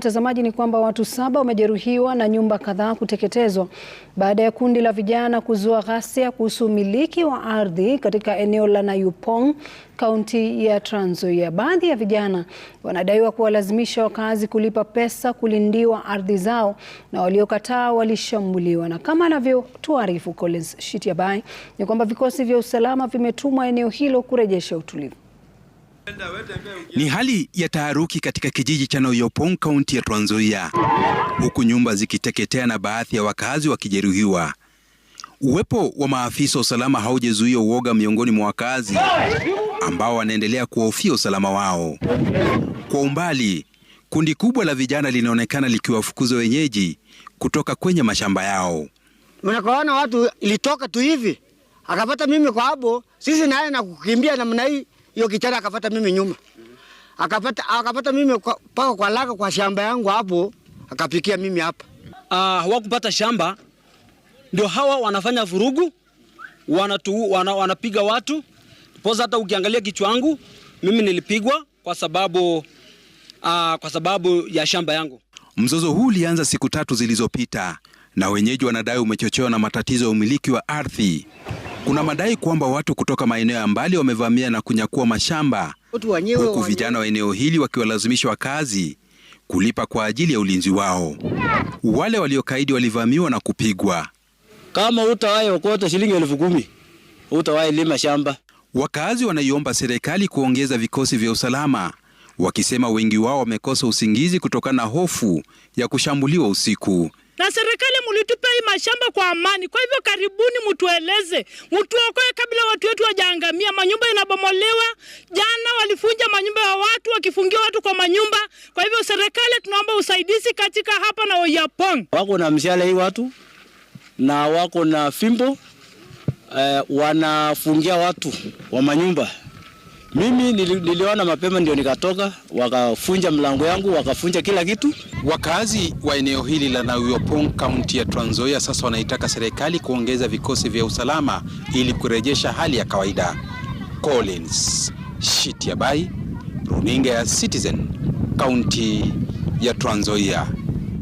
Mtazamaji ni kwamba watu saba wamejeruhiwa na nyumba kadhaa kuteketezwa baada ya kundi la vijana kuzua ghasia kuhusu umiliki wa ardhi katika eneo la Nayupong, kaunti ya Trans Nzoia. Baadhi ya vijana wanadaiwa kuwalazimisha wakazi kulipa pesa kulindiwa ardhi zao na waliokataa walishambuliwa. Na kama anavyotuarifu Collins Shitiabai, ni kwamba vikosi vya usalama vimetumwa eneo hilo kurejesha utulivu. Ni hali ya taharuki katika kijiji cha Noyopong, kaunti ya Trans Nzoia, huku nyumba zikiteketea na baadhi ya wakazi wakijeruhiwa. Uwepo wa maafisa wa usalama haujazuia uoga miongoni mwa wakazi ambao wanaendelea kuhofia usalama wao. Kwa umbali, kundi kubwa la vijana linaonekana likiwafukuza wenyeji kutoka kwenye mashamba yao. Mnakoona watu ilitoka tu hivi akapata mimi kwa abo, sisi naye na kukimbia namna hii hiyo kichana akafata mimi nyuma akapata akapata mimi kwa, paka kwa laka kwa shamba yangu hapo akapikia mimi hapa. Uh, hawakupata shamba, ndio hawa wanafanya vurugu, wanatu, wana, wanapiga watu poza. Hata ukiangalia kichwa mimi nilipigwa kwa sababu, uh, kwa sababu ya shamba yangu. Mzozo huu ulianza siku tatu zilizopita na wenyeji wanadai umechochewa na matatizo ya umiliki wa ardhi. Kuna madai kwamba watu kutoka maeneo ya mbali wamevamia na kunyakua mashamba, huku vijana wa eneo hili wakiwalazimisha kazi kulipa kwa ajili ya ulinzi wao. Wale waliokaidi walivamiwa na kupigwa. Kama utawahi okota shilingi elfu kumi lima shamba. Wakazi wanaiomba serikali kuongeza vikosi vya usalama, wakisema wengi wao wamekosa usingizi kutokana na hofu ya kushambuliwa usiku na serikali mulitupa hii mashamba kwa amani. Kwa hivyo karibuni, mtueleze, mtuokoe kabla watu wetu wajaangamia. Manyumba inabomolewa, jana walifunja manyumba ya watu, wakifungia watu kwa manyumba. Kwa hivyo serikali, tunaomba usaidizi katika hapa na Oyapong. Wako na mshale hii watu na wako na fimbo eh, wanafungia watu wa manyumba mimi nili, niliona mapema ndio nikatoka, wakafunja mlango yangu, wakafunja kila kitu. Wakazi wa eneo hili la Nawiopong, kaunti ya Trans Nzoia, sasa wanaitaka serikali kuongeza vikosi vya usalama ili kurejesha hali ya kawaida. Collins Shitiabai, runinga ya Citizen, kaunti ya Trans Nzoia.